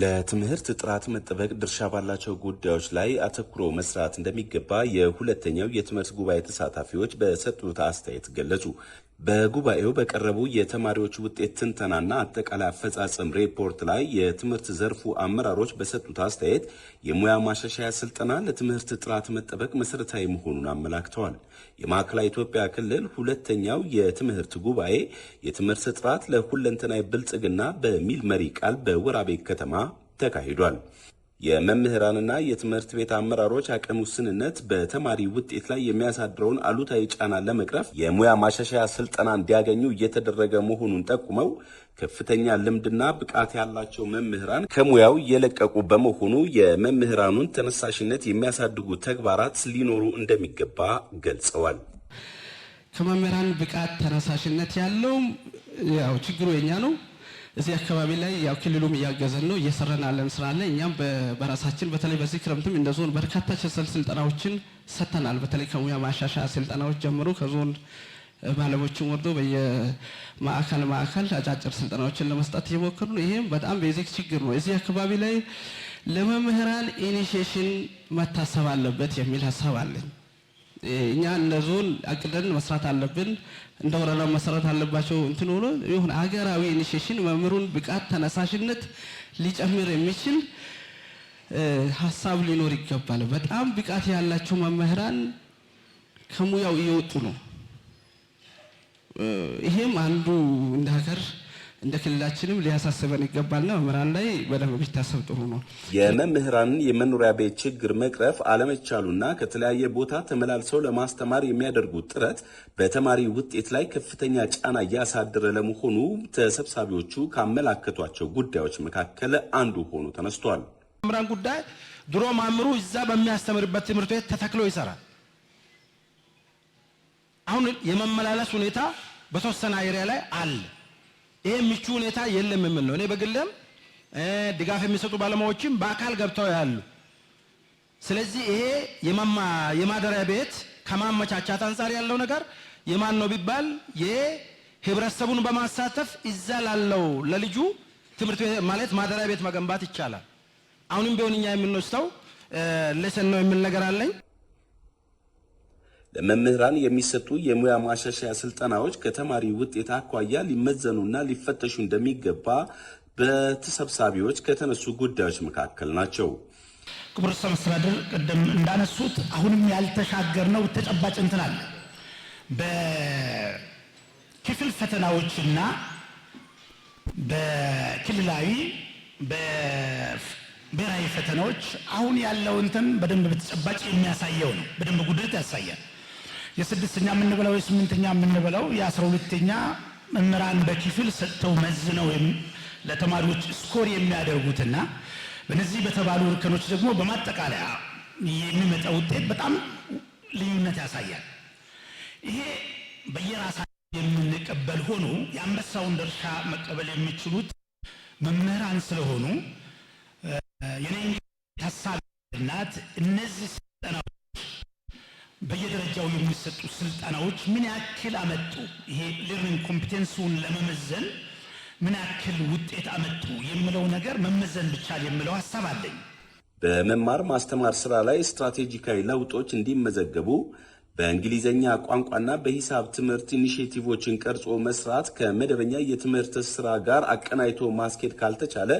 ለትምህርት ጥራት መጠበቅ ድርሻ ባላቸው ጉዳዮች ላይ አተኩሮ መስራት እንደሚገባ የሁለተኛው የትምህርት ጉባኤ ተሳታፊዎች በሰጡት አስተያየት ገለጹ። በጉባኤው በቀረቡ የተማሪዎች ውጤት ትንተናና አጠቃላይ አፈጻጸም ሪፖርት ላይ የትምህርት ዘርፉ አመራሮች በሰጡት አስተያየት የሙያ ማሻሻያ ስልጠና ለትምህርት ጥራት መጠበቅ መሰረታዊ መሆኑን አመላክተዋል። የማዕከላዊ ኢትዮጵያ ክልል ሁለተኛው የትምህርት ጉባኤ የትምህርት ጥራት ለሁለንተናዊ ብልጽግና በሚል መሪ ቃል በወራቤ ከተማ ተካሂዷል። የመምህራንና የትምህርት ቤት አመራሮች አቅም ውስንነት በተማሪ ውጤት ላይ የሚያሳድረውን አሉታዊ ጫና ለመቅረፍ የሙያ ማሻሻያ ስልጠና እንዲያገኙ እየተደረገ መሆኑን ጠቁመው ከፍተኛ ልምድና ብቃት ያላቸው መምህራን ከሙያው የለቀቁ በመሆኑ የመምህራኑን ተነሳሽነት የሚያሳድጉ ተግባራት ሊኖሩ እንደሚገባ ገልጸዋል። ከመምህራን ብቃት ተነሳሽነት ያለው ያው ችግሩ የኛ ነው እዚህ አካባቢ ላይ ያው ክልሉም እያገዘን ነው እየሰራን ያለን ስራ አለ። እኛም በራሳችን በተለይ በዚህ ክረምትም እንደ ዞን በርካታ ችሰል ስልጠናዎችን ሰጥተናል። በተለይ ከሙያ ማሻሻያ ስልጠናዎች ጀምሮ ከዞን ባለሞችን ወርዶ በየማዕከል ማዕከል አጫጭር ስልጠናዎችን ለመስጠት እየሞከሩ ነው። ይህም በጣም ቤዚክ ችግር ነው። እዚህ አካባቢ ላይ ለመምህራን ኢኒሽሽን መታሰብ አለበት የሚል ሀሳብ አለኝ። እኛ እንደ ዞን አቅደን መስራት አለብን። እንደ ወረዳ መሰራት አለባቸው። እንትን ሆኖ ይሁን ሀገራዊ ኢኒሽሽን መምህሩን ብቃት፣ ተነሳሽነት ሊጨምር የሚችል ሀሳብ ሊኖር ይገባል። በጣም ብቃት ያላቸው መምህራን ከሙያው እየወጡ ነው። ይሄም አንዱ እንደ ሀገር እንደ ክልላችንም ሊያሳስበን ይገባልና መምህራን ላይ በደንብ ቢታሰብ ጥሩ ነው። የመምህራንን የመኖሪያ ቤት ችግር መቅረፍ አለመቻሉና ከተለያየ ቦታ ተመላልሰው ለማስተማር የሚያደርጉት ጥረት በተማሪ ውጤት ላይ ከፍተኛ ጫና እያሳደረ ለመሆኑ ተሰብሳቢዎቹ ካመላከቷቸው ጉዳዮች መካከል አንዱ ሆኖ ተነስቷል። መምህራን ጉዳይ ድሮ ማምሩ እዛ በሚያስተምርበት ትምህርት ቤት ተተክሎ ይሰራል። አሁን የመመላለስ ሁኔታ በተወሰነ አይሪያ ላይ አለ። ይሄ ምቹ ሁኔታ የለም የምል ነው። እኔ በግለም ድጋፍ የሚሰጡ ባለሙያዎችም በአካል ገብተው ያሉ። ስለዚህ ይሄ የማደሪያ ቤት ከማመቻቻት አንጻር ያለው ነገር የማን ነው ቢባል የህብረተሰቡን በማሳተፍ እዛ ላለው ለልጁ ትምህርት ቤት ማለት ማደሪያ ቤት መገንባት ይቻላል። አሁንም ቢሆን እኛ የምንወስደው ለሰን ነው ነገር አለኝ። ለመምህራን የሚሰጡ የሙያ ማሻሻያ ስልጠናዎች ከተማሪ ውጤት አኳያ ሊመዘኑና ሊፈተሹ እንደሚገባ በተሰብሳቢዎች ከተነሱ ጉዳዮች መካከል ናቸው። ክቡር ርዕሰ መስተዳድር ቅድም እንዳነሱት አሁንም ያልተሻገርነው ተጨባጭ እንትን አለ። በክፍል ፈተናዎችና በክልላዊ በብሔራዊ ፈተናዎች አሁን ያለው እንትን በደንብ በተጨባጭ የሚያሳየው ነው። በደንብ ጉድለት ያሳያል። የስድስተኛ የምንበለው የስምንተኛ የምንበለው የአስራ ሁለተኛ መምህራን በክፍል ሰጥተው መዝነው ለተማሪዎች ስኮር የሚያደርጉትና በነዚህ በተባሉ እርከኖች ደግሞ በማጠቃለያ የሚመጣ ውጤት በጣም ልዩነት ያሳያል። ይሄ በየራሳ የምንቀበል ሆኖ የአንበሳውን ድርሻ መቀበል የሚችሉት መምህራን ስለሆኑ የኔ ታሳቢ እነዚህ የሚሰጡ ስልጠናዎች ምን ያክል አመጡ? ይሄ ሌርኒንግ ኮምፒቴንሱን ለመመዘን ምን ያክል ውጤት አመጡ የምለው ነገር መመዘን ብቻ የምለው ሀሳብ አለኝ። በመማር ማስተማር ስራ ላይ ስትራቴጂካዊ ለውጦች እንዲመዘገቡ በእንግሊዝኛ ቋንቋና በሂሳብ ትምህርት ኢኒሽቲቮችን ቀርጾ መስራት ከመደበኛ የትምህርት ስራ ጋር አቀናይቶ ማስኬድ ካልተቻለ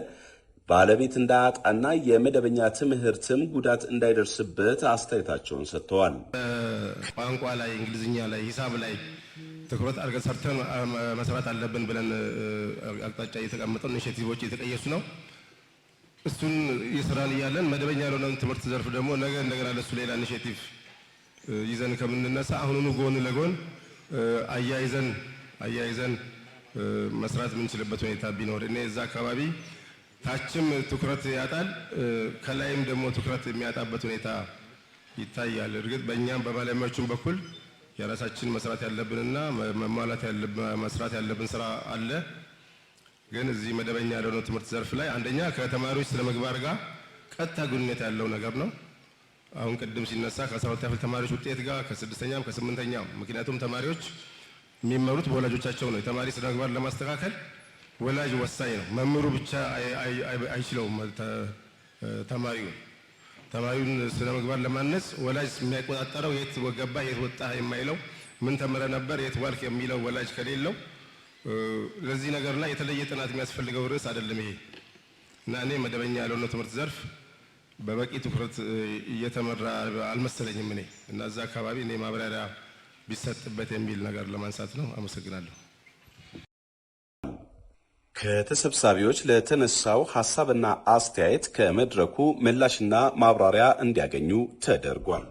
ባለቤት እንዳያጣና የመደበኛ ትምህርትም ጉዳት እንዳይደርስበት አስተያየታቸውን ሰጥተዋል። ቋንቋ ላይ፣ እንግሊዝኛ ላይ፣ ሂሳብ ላይ ትኩረት አድርገን ሰርተን መስራት አለብን ብለን አቅጣጫ እየተቀመጠው ኢኒሼቲቮች እየተቀየሱ ነው። እሱን እየሰራን እያለን መደበኛ ለሆነ ትምህርት ዘርፍ ደግሞ ነገ እንደገና ለሱ ሌላ ኢኒሼቲቭ ይዘን ከምንነሳ አሁኑኑ ጎን ለጎን አያይዘን አያይዘን መስራት የምንችልበት ሁኔታ ቢኖር እኔ እዛ አካባቢ ታችም ትኩረት ያጣል፣ ከላይም ደግሞ ትኩረት የሚያጣበት ሁኔታ ይታያል። እርግጥ በእኛም በባለሙያዎቹም በኩል የራሳችን መስራት ያለብንና መሟላት መስራት ያለብን ስራ አለ። ግን እዚህ መደበኛ ያልሆነው ትምህርት ዘርፍ ላይ አንደኛ ከተማሪዎች ስነ ምግባር ጋር ቀጥታ ግንኙነት ያለው ነገር ነው። አሁን ቅድም ሲነሳ ከአስራ ሁለተኛ ክፍል ተማሪዎች ውጤት ጋር ከስድስተኛም ከስምንተኛም፣ ምክንያቱም ተማሪዎች የሚመሩት በወላጆቻቸው ነው። የተማሪ ስነ ምግባር ለማስተካከል ወላጅ ወሳኝ ነው። መምህሩ ብቻ አይችለውም ተማሪውን ተማሪውን ስነ ምግባር ለማነጽ ወላጅ የሚያቆጣጠረው የት ገባ የት ወጣ የማይለው ምን ተምረ ነበር የት ዋልክ የሚለው ወላጅ ከሌለው ለዚህ ነገር ላይ የተለየ ጥናት የሚያስፈልገው ርዕስ አይደለም ይሄ እና እኔ መደበኛ ያልሆነው ትምህርት ዘርፍ በበቂ ትኩረት እየተመራ አልመሰለኝም። እኔ እና እዛ አካባቢ እኔ ማብራሪያ ቢሰጥበት የሚል ነገር ለማንሳት ነው። አመሰግናለሁ። ከተሰብሳቢዎች ለተነሳው ሀሳብና አስተያየት ከመድረኩ ምላሽና ማብራሪያ እንዲያገኙ ተደርጓል።